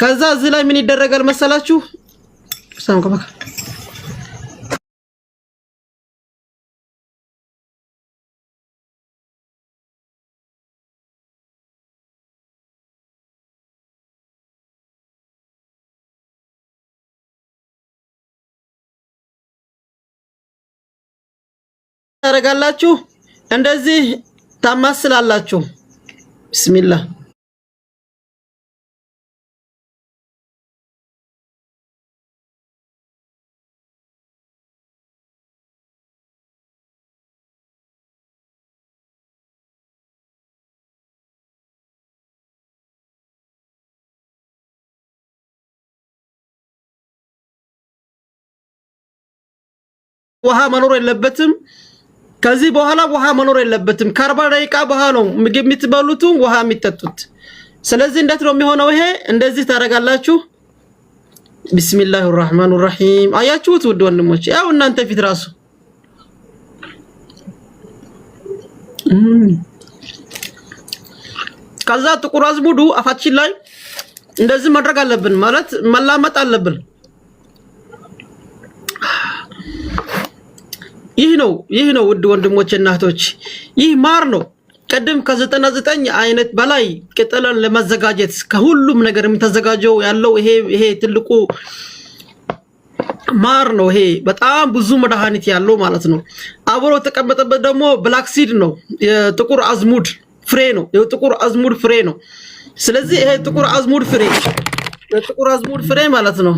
ከዛ እዚህ ላይ ምን ይደረጋል መሰላችሁ? ታደርጋላችሁ እንደዚህ ታማስላላችሁ። ቢስሚላህ ውሃ መኖር የለበትም። ከዚህ በኋላ ውሃ መኖር የለበትም። ከአርባ ደቂቃ በኋላ ነው ምግብ የምትበሉት ውሃ የሚጠጡት። ስለዚህ እንዴት ነው የሚሆነው? ይሄ እንደዚህ ታደርጋላችሁ። ቢስሚላህ ራህማን ራሒም። አያችሁት ውድ ወንድሞች፣ ያው እናንተ ፊት ራሱ ከዛ ጥቁር አዝሙዱ አፋችን ላይ እንደዚህ ማድረግ አለብን ማለት መላመጥ አለብን። ይህ ነው ይህ ነው ውድ ወንድሞች እናቶች፣ ይህ ማር ነው። ቅድም ከዘጠና ዘጠኝ አይነት በላይ ቅጠልን ለማዘጋጀት ከሁሉም ነገር የምተዘጋጀው ያለው ይሄ ይሄ ትልቁ ማር ነው። ይሄ በጣም ብዙ መድኃኒት ያለው ማለት ነው። አብሮ የተቀመጠበት ደግሞ ብላክሲድ ነው፣ የጥቁር አዝሙድ ፍሬ ነው። የጥቁር አዝሙድ ፍሬ ነው። ስለዚህ ይሄ ጥቁር አዝሙድ ፍሬ የጥቁር አዝሙድ ፍሬ ማለት ነው።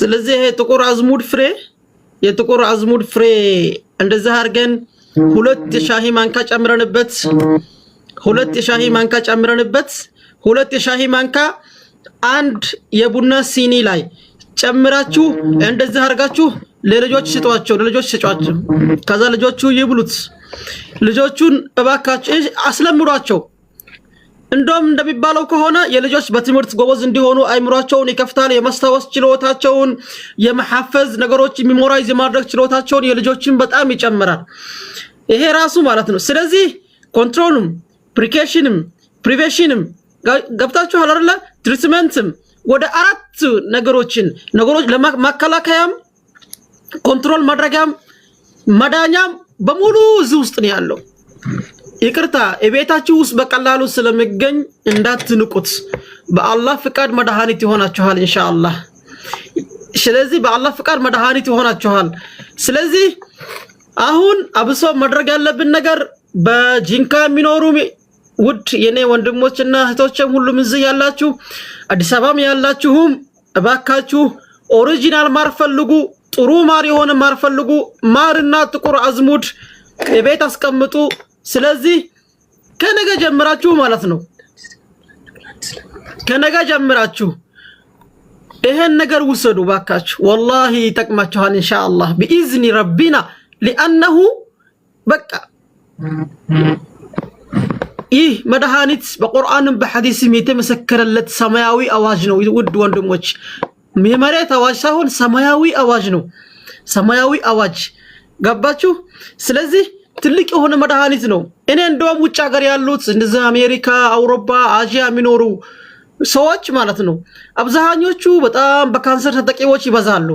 ስለዚህ ጥቁር አዝሙድ ፍሬ የጥቁር አዝሙድ ፍሬ እንደዛ አድርገን ሁለት የሻሂ ማንካ ጨምረንበት ሁለት የሻሂ ማንካ ጨምረንበት ሁለት የሻሂ ማንካ አንድ የቡና ሲኒ ላይ ጨምራችሁ እንደዚህ አድርጋችሁ ለልጆች ስጧቸው፣ ለልጆች ስጧቸው። ከዛ ልጆቹ ይብሉት። ልጆቹን እባካችሁ አስለምዷቸው። እንደውም እንደሚባለው ከሆነ የልጆች በትምህርት ጎበዝ እንዲሆኑ አይምሯቸውን ይከፍታል። የመስታወስ ችሎታቸውን፣ የመሐፈዝ ነገሮች ሚሞራይዝ የማድረግ ችሎታቸውን የልጆችን በጣም ይጨምራል። ይሄ ራሱ ማለት ነው። ስለዚህ ኮንትሮልም፣ ፕሪኬሽንም፣ ፕሪቬሽንም ገብታችኋል አይደለ? ትሪትመንትም ወደ አራት ነገሮችን ነገሮች ለማከላከያም ኮንትሮል ማድረጊያም መዳኛም በሙሉ እዚህ ውስጥ ነው ያለው። ይቅርታ እቤታችሁ ውስጥ በቀላሉ ስለሚገኝ እንዳትንቁት። በአላህ ፍቃድ መድኃኒት ይሆናችኋል ኢንሻአላህ። ስለዚህ በአላህ ፍቃድ መድኃኒት ይሆናችኋል። ስለዚህ አሁን አብሶ ማድረግ ያለብን ነገር በጂንካ የሚኖሩ ውድ የኔ ወንድሞችና እህቶችም ሁሉም እዚህ ያላችሁ አዲስ አበባም ያላችሁም እባካችሁ ኦሪጂናል ማር ፈልጉ። ጥሩ ማር የሆነ ማር ፈልጉ። ማርና ጥቁር አዝሙድ የቤት አስቀምጡ። ስለዚህ ከነገ ጀምራችሁ ማለት ነው ከነገ ጀምራችሁ ይሄን ነገር ውሰዱ ባካችሁ፣ ወላሂ ይጠቅማችኋል ኢንሻአላህ ቢኢዝኒ ረቢና ሊአነሁ በቃ ይህ መድኃኒት በቁርአንም በሐዲስም የተመሰከረለት ሰማያዊ አዋጅ ነው። ውድ ወንድሞች የመሬት አዋጅ ሳይሆን ሰማያዊ አዋጅ ነው። ሰማያዊ አዋጅ ገባችሁ? ስለዚህ ትልቅ የሆነ መድኃኒት ነው። እኔ እንደውም ውጭ ሀገር ያሉት እንደዚህ አሜሪካ፣ አውሮፓ፣ አዥያ የሚኖሩ ሰዎች ማለት ነው አብዛኞቹ በጣም በካንሰር ተጠቂዎች ይበዛሉ።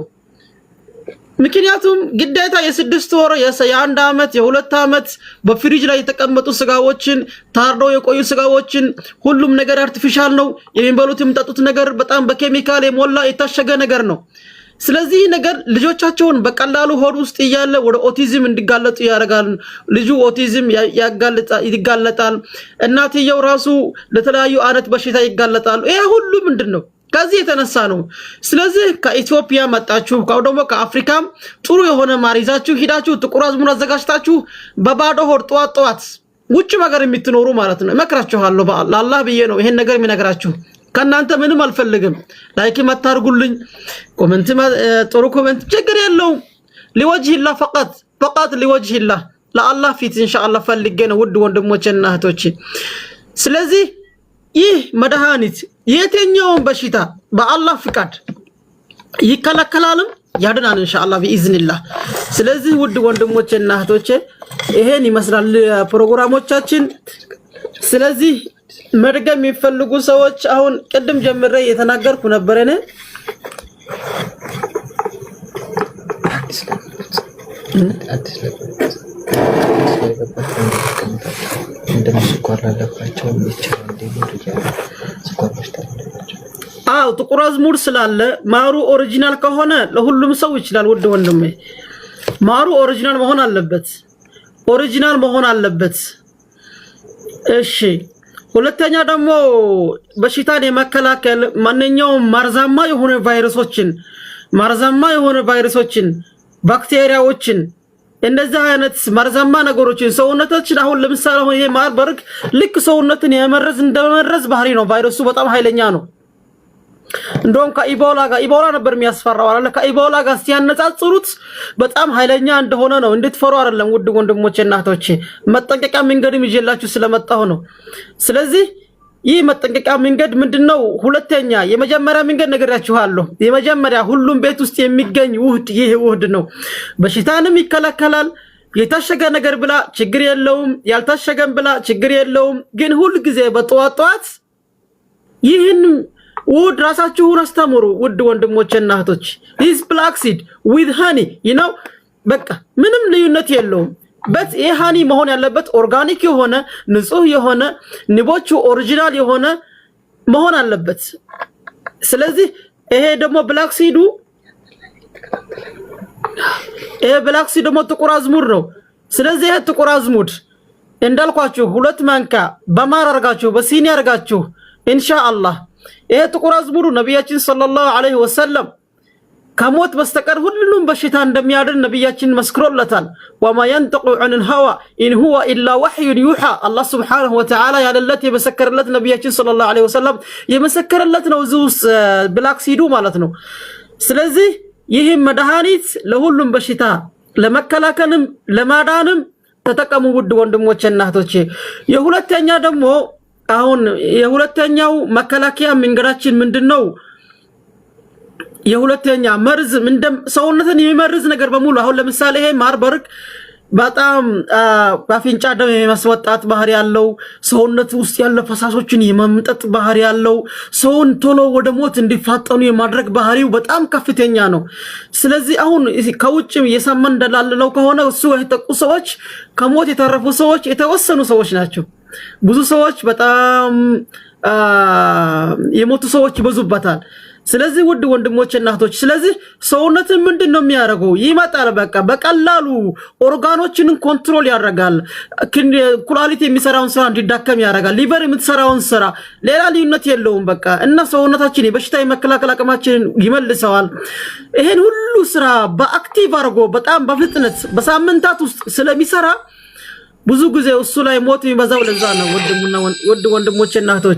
ምክንያቱም ግዴታ የስድስት ወር የአንድ ዓመት የሁለት ዓመት በፍሪጅ ላይ የተቀመጡ ስጋዎችን ታርዶ የቆዩ ስጋዎችን ሁሉም ነገር አርቲፊሻል ነው። የሚበሉት የሚጠጡት ነገር በጣም በኬሚካል የሞላ የታሸገ ነገር ነው። ስለዚህ ነገር ልጆቻቸውን በቀላሉ ሆድ ውስጥ እያለ ወደ ኦቲዝም እንዲጋለጡ ያደርጋል። ልጁ ኦቲዝም ይጋለጣል። እናትየው ራሱ ለተለያዩ አይነት በሽታ ይጋለጣሉ። ይሄ ሁሉ ምንድን ነው? ከዚህ የተነሳ ነው። ስለዚህ ከኢትዮጵያ መጣችሁ ካው ደግሞ ከአፍሪካም ጥሩ የሆነ ማር ይዛችሁ ሂዳችሁ ጥቁር አዝሙድ አዘጋጅታችሁ በባዶ ሆድ ጠዋት ጠዋት ውጭ ሀገር የምትኖሩ ማለት ነው። እመክራችኋለሁ። በአላህ ብዬ ነው ይሄን ነገር የሚነግራችሁ። ከእናንተ ምንም አልፈልግም። ላይክ መታርጉልኝ፣ ኮሜንት ጥሩ ኮሜንት ችግር የለውም። ሊወጅህላ ፈቃት ፈቃት ሊወጅህላ ለአላህ ፊት እንሻአላ ፈልጌ ነው። ውድ ወንድሞቼና እህቶቼ፣ ስለዚህ ይህ መድኃኒት የትኛውን በሽታ በአላህ ፍቃድ ይከላከላልም ያድናል እንሻአላ ቢኢዝኒላህ። ስለዚህ ውድ ወንድሞቼና እህቶቼ ይሄን ይመስላል ፕሮግራሞቻችን። ስለዚህ መድገም የሚፈልጉ ሰዎች አሁን ቅድም ጀምሬ የተናገርኩ እኔ አዎ ጥቁር አዝሙድ ስላለ ማሩ ኦሪጂናል ከሆነ ለሁሉም ሰው ይችላል። ውድ ወንድሜ ማሩ ኦሪጂናል መሆን አለበት። ኦሪጂናል መሆን አለበት። እሺ ሁለተኛ ደግሞ በሽታን የመከላከል ማንኛውም መርዛማ የሆነ ቫይረሶችን መርዛማ የሆነ ቫይረሶችን፣ ባክቴሪያዎችን እንደዚህ አይነት መርዛማ ነገሮችን ሰውነታችን አሁን ለምሳሌ አሁን ይሄ ማርበርግ ልክ ሰውነትን የመረዝ እንደመረዝ ባህሪ ነው። ቫይረሱ በጣም ኃይለኛ ነው። እንደውም ከኢቦላ ጋር ኢቦላ ነበር የሚያስፈራው አለ። ከኢቦላ ጋር ሲያነጻጽሩት በጣም ኃይለኛ እንደሆነ ነው። እንድትፈሩ አይደለም ውድ ወንድሞቼ እናቶቼ፣ መጠንቀቂያ መንገድም ይዤላችሁ ስለመጣሁ ነው። ስለዚህ ይህ መጠንቀቂያ መንገድ ምንድን ነው? ሁለተኛ የመጀመሪያ መንገድ ነግሬያችኋለሁ። የመጀመሪያ ሁሉም ቤት ውስጥ የሚገኝ ውህድ፣ ይህ ውህድ ነው። በሽታንም ይከላከላል። የታሸገ ነገር ብላ ችግር የለውም፣ ያልታሸገም ብላ ችግር የለውም። ግን ሁልጊዜ በጠዋት ጠዋት ይህን ውድ ራሳችሁን አስተምሩ። ውድ ወንድሞችና እህቶች ሂዝ ፕላክሲድ ዊዝ ሃኒ ነው። በቃ ምንም ልዩነት የለውም። በት ይህ ሃኒ መሆን ያለበት ኦርጋኒክ የሆነ ንጹህ የሆነ ንቦቹ ኦሪጂናል የሆነ መሆን አለበት። ስለዚህ ይሄ ደግሞ ብላክሲዱ ይሄ ብላክሲድ ደግሞ ጥቁር አዝሙድ ነው። ስለዚህ ይሄ ጥቁር አዝሙድ እንዳልኳችሁ ሁለት ማንካ በማር አርጋችሁ በሲኒ አርጋችሁ ኢንሻአላህ ይሄ ጥቁር አዝሙዱ ነቢያችን ሰለላሁ ዐለይሂ ወሰለም ከሞት በስተቀር ሁሉም በሽታ እንደሚያድን ነቢያችን መስክሮለታል። ወማ የንጠቁ ዐኒል ሀዋ ኢን ሁወ ኢላ ወሕዩን ዩሓ አላህ ስብሓነሁ ወተዓላ ያለለት የመሰከረለት ነቢያችን ሰለላሁ ዐለይሂ ወሰለም የመሰከረለት ነው። እዚህ ውስጥ ብላክ ሲዱ ማለት ነው። ስለዚህ ይህም መድኃኒት ለሁሉም በሽታ ለመከላከልም ለማዳንም ተጠቀሙ ውድ ወንድሞቼ እና የሁለተኛ ደግሞ አሁን የሁለተኛው መከላከያ መንገዳችን ምንድን ነው? የሁለተኛ መርዝ ሰውነትን የሚመርዝ ነገር በሙሉ አሁን ለምሳሌ ይሄ ማርበርግ በጣም በአፍንጫ ደም የማስወጣት ባህሪ ያለው ሰውነት ውስጥ ያለ ፈሳሾችን የመምጠጥ ባህሪ ያለው ሰውን ቶሎ ወደ ሞት እንዲፋጠኑ የማድረግ ባህሪው በጣም ከፍተኛ ነው። ስለዚህ አሁን ከውጭ እየሰማን እንዳላለው ከሆነ እሱ የተጠቁ ሰዎች ከሞት የተረፉ ሰዎች የተወሰኑ ሰዎች ናቸው። ብዙ ሰዎች በጣም የሞቱ ሰዎች ይበዙበታል። ስለዚህ ውድ ወንድሞች እናቶች፣ ስለዚህ ሰውነትን ምንድን ነው የሚያደርገው? ይመጣል። በቃ በቀላሉ ኦርጋኖችንን ኮንትሮል ያደርጋል። ኩላሊት የሚሰራውን ስራ እንዲዳከም ያደርጋል። ሊቨር የምትሰራውን ስራ፣ ሌላ ልዩነት የለውም። በቃ እና ሰውነታችን የበሽታ የመከላከል አቅማችንን ይመልሰዋል። ይሄን ሁሉ ስራ በአክቲቭ አድርጎ በጣም በፍጥነት በሳምንታት ውስጥ ስለሚሰራ ብዙ ጊዜ እሱ ላይ ሞት የሚበዛው ለዛ ነው። ወድ ወንድሞቼ እህቶች